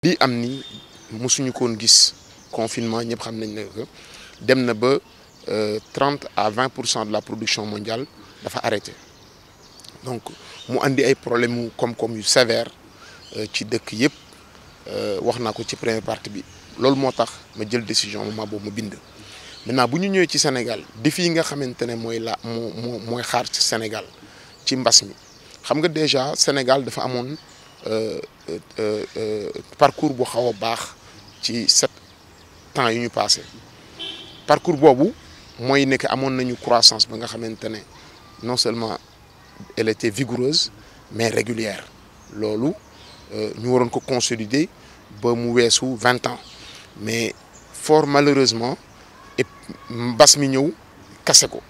lii amni musuñu mosuñu koon gis confinement ñepp xam nañ ne dem na ba 30 euh, à 20 de la production mondiale dafa arrêté donc mu andi ay problème comme comme yu sévère euh, ci dëkk yépp euh, wax ko ci première partie bi lool motax ma jël décision ma boobu mu bind maintenant buñu ñëw ci Sénégal défi yi nga xamantene moy la moy xaar ci Sénégal ci mbass mi xam nga déjà Sénégal dafa amone euh, euh, euh, parcours bu xaw a ci sept temps yi ñu passé parcours bobu moy nek amon nañu croissance ba nga xamantene non seulement elle était vigoureuse mais régulière Nous ñu waron ko consolider ba mu wessu ans mais fort malheureusement et mbas mi ñëw kase ko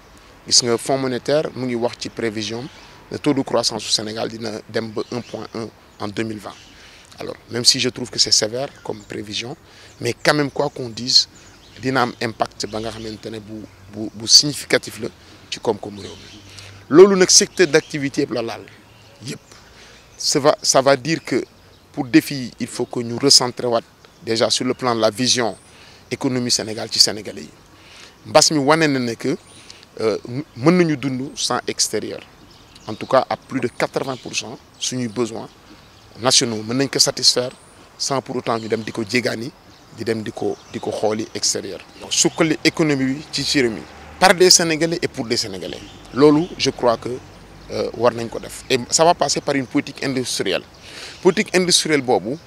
gis nga fonds monétaire mu ngi wax ci prévision le taux de croissance au Sénégal est 1.1 en 2020 alors même si je trouve que c'est sévère comme prévision mais quand même quoi qu'on dise l'impact y impact significatif sur ci koom Le secteur d'activité ça va dire que pour défi il faut que nous nous déjà sur le plan de la vision économique Sénégal ci sénégalais que euh, nous sans extérieur en tout cas à plus de 80 sur nos besoins nationaux nous que satisfaire sans pour autant ñu dem di dem extérieur. économie par des sénégalais et pour des sénégalais Lolo, je crois que euh, et ça va passer par une politique industrielle politique industrielle il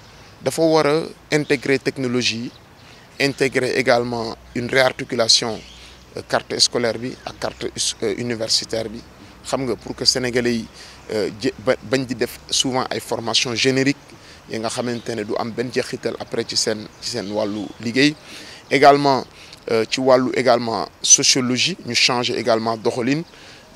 dafa intégrer intégrer technologie intégrer également une réarticulation euh, carte scolaire bi à carte euh, universitaire pour que sénégalais euh, aient souvent ay formation générique yi nga xamante du am après ci seen également euh, ci wàllu également sociologie nous changer également doxalin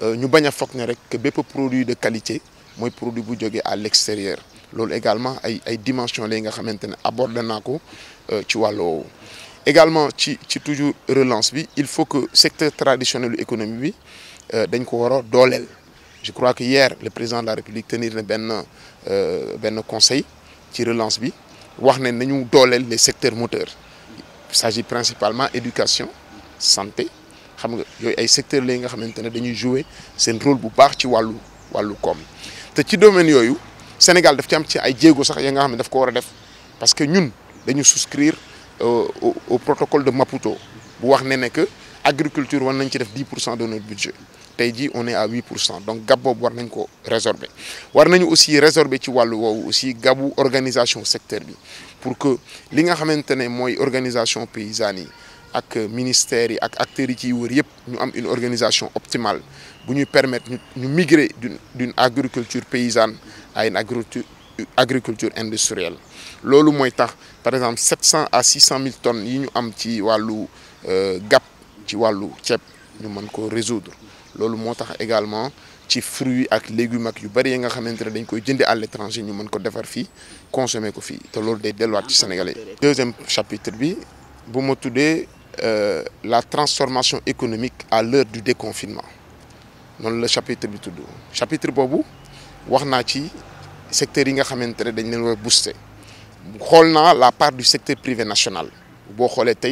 Nous euh, avons a que les produit de qualité mooy produits bu à l'extérieur C'est également ay dimension que yi nga xamante ne abordé également ci ci toujours relance il faut que secteur traditionnel économie bi euh, dañ ko je crois que hier le président de la république tenir na benn ben conseil ci relance bi wax ne nañu les secteurs moteurs il s'agit principalement éducation santé xam nga secteur ay secteurs la nga xamante dañuy jouer seen rôle bu baax ci wàllu wàllu koom te ci domaine yooyu Sénégal daf ci am ci ay sax nga parce que ñun dañu souscrire euh, au protocole de Maputo bu wax que agriculture on a 10 de notre budget on est à 8 donc gab on war résorber On doit aussi résorber ci l'organisation du aussi organisation secteur pour que li nga vous organisation paysanne avec ak ministère acteurs yi une organisation optimale pour nous permettre de migrer d'une agriculture paysanne à une agriculture industrielle loolu moins tax par exemple 700 à 600 000 tonnes nous avons am ci euh, gap ci wàllu ceeb ñu mën ko résoudre loolu moo également ci fruits ak légumes ak yu bëri yi nga xamante dañ koy jëndi à l'étranger ñu mën ko defar fii consommer ko fii te loolu day delluwaat ci Sénégalais deuxième chapitre bi bu ma tuddee euh, la transformation économique à l'heure du déconfinement noonu le chapitre bi tudd chapitre boobu wax naa ci secteurs yi nga xamante ne dañ leen war booster xool la part du secteur privé national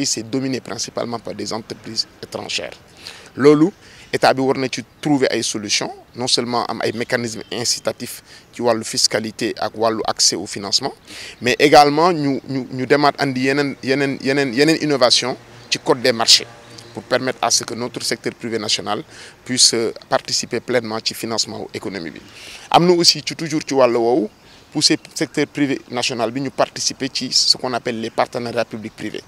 c'est dominé principalement par des entreprises étrangères Lolo état bi trouver des solutions non seulement am ay mécanismes incitatifs ci la fiscalité et l'accès au financement mais également nous demandons une innovation qui code des marchés pour permettre à ce que notre secteur privé national puisse participer pleinement au financement de l'économie. Nous aussi toujours ci pousser secteur privé national bi ñu participer ce qu'on appelle les partenariats publics privés.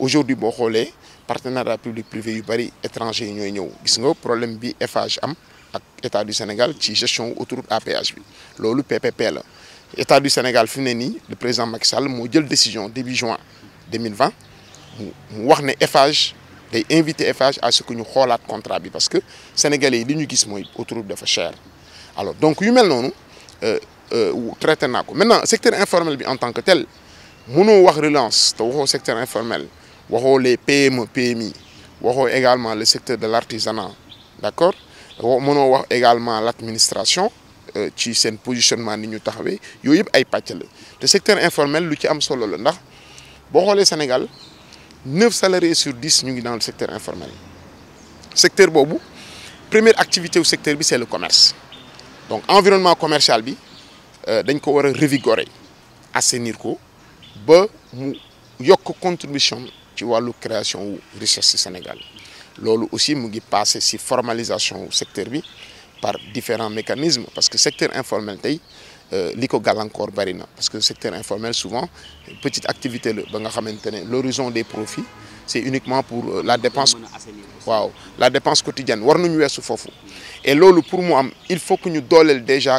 aujourd'hui les partenariats partenariat public privé yu bëri étranger étrangers. un problème bi FHM, am état du Sénégal qui gestion autour de l'APH. bi le PPP la état du Sénégal le président Macky Sall pris jël décision début juin 2020 pour wax ne Eiffage à ce que ñu le contrat parce que sénégalais yi li ñu autour de autoroute alors donc yu mel euh, euh, traité Maintenant, le maintenant secteur informel en tant que tel mënoo wax relance te waxoo secteur informel waxoo les PME PMI waxoo également le secteur de l'artisanat. D'accord d' wax également l'administration administration euh, ci seen positionnement ni ñu taxawee ay pàcc secteur informel lu ci am solo la ndax Sénégal 9 salariés sur 10 ñu dans le secteur informel secteur Bobo première activité au secteur bi c'est le commerce donc environnement commercial bi. Euh, dañ ko war a revigorer assainir ko ba mu yokk contribution ci wàllu création wu richesse Sénégal loolu aussi mu ngi passé ci formalisation du secteur bi par différents mécanismes parce que secteur informel tey euh, li ko gàllankoor bari parce que secteur informel souvent petite activité la ba nga l'horizon des profits c'est uniquement pour euh, la dépense waaw la dépense quotidienne war nañu weesu foofu et loolu pour moi, am il faut que ñu dooleel déjà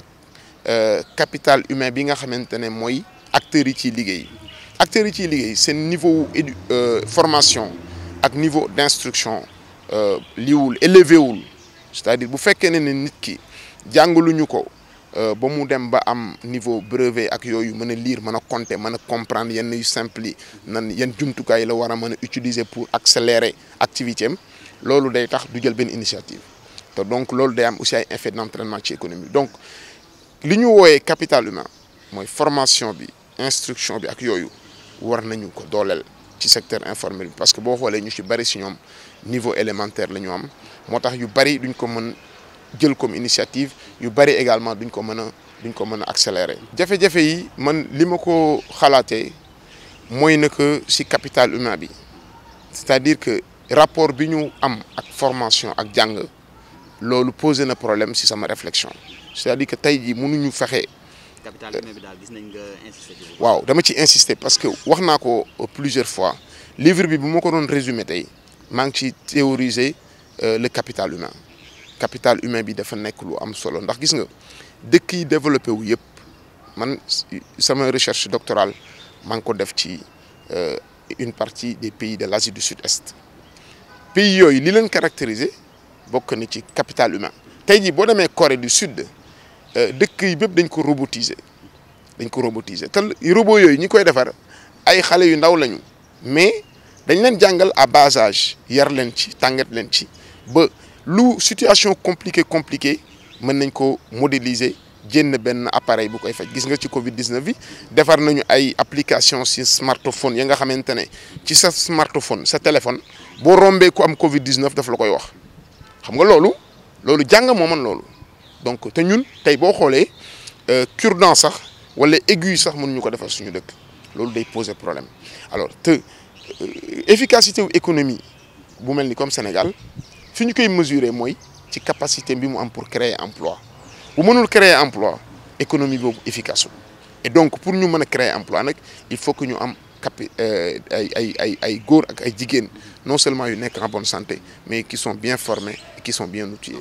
euh, capital humain bi nga xamantene moy acteur yi ci liguey acteur yi ci liguey seen niveau édu euh, formation ak niveau d'instruction instruction euh, liiwul élevé wul c'est-à-dire bu fekkene ni ne nit ki jàngaluñu ko ba mu dem ba am niveau brevet ak yoyu mën lire mën a compter mën comprendre yenn yu simple nan yenn yan jumtukaay la wara a utiliser pour accélérer activité am loolu day tax du jël ben initiative donc lolu day am aussi ay effet d' entraînement ci économie donc li ñu capital humain mooy formation bi instruction bi ak yooyu war nañu ko dooleel ci secteur informel parce que boo xoolee ñu ci bari si ñoom niveau élémentaire la ñu am moo yu bari duñ ko mën jël comme initiative yu bari également duñ ko mën a duñ ko mën a accélérer. jafe-jafe yi man li ma ko xalaatee ci capital humain bi c'est-à-dire que rapport bi ñu am ak formation ak jàng loolu posé na problème ci sama réflexion c'est-à-dire que tey nous mënuñu Le capital humain bi daal gis nañ nga insister. waaw insister parce que je euh, l'ai plusieurs fois Le livre bi bu résumé tey théoriser euh, le capital humain Le capital humain bi dafa nekk lu am solo ndax gis nga développé wu man recherche doctorale maa euh, une partie des pays de l'Asie du Sud-Est Les pays qui sont caractérisés caractériser bokk capital humain si vous avez la Corée du Sud. Euh, dëkk yi bépp dañ ko robotiser dañ ko robotiser tan robot yooyu ñi koy defar ay xale yu ndaw lañu mais dañ leen jàngal à bas âge yar leen ci tàngat leen ci ba lu situation compliquée compliquée mën nañ ko modéliser jënd benn appareil bu koy faj gis nga ci Covid 19 bi defar nañu ay application si smartphone ya nga xamante ne ci sa smartphone sa téléphone boo rombee ko am Covid 19 daf la koy wax xam nga loolu loolu jàng moo man loolu donc si ñun tey boo xoolee euh, cure-dent sax wala aiguille sax des problèmes. suñu dëkk poser problème alors l'efficacité euh, efficacité l'économie, économie bu Sénégal fi ñu mesurer moy, ci capacité bi mu pour créer emploi bu mënul créer emploi l'économie est efficace et donc pour nous un créer emploi il faut que nous am euh, non seulement en bonne santé mais qui sont bien formés et qui sont bien outillés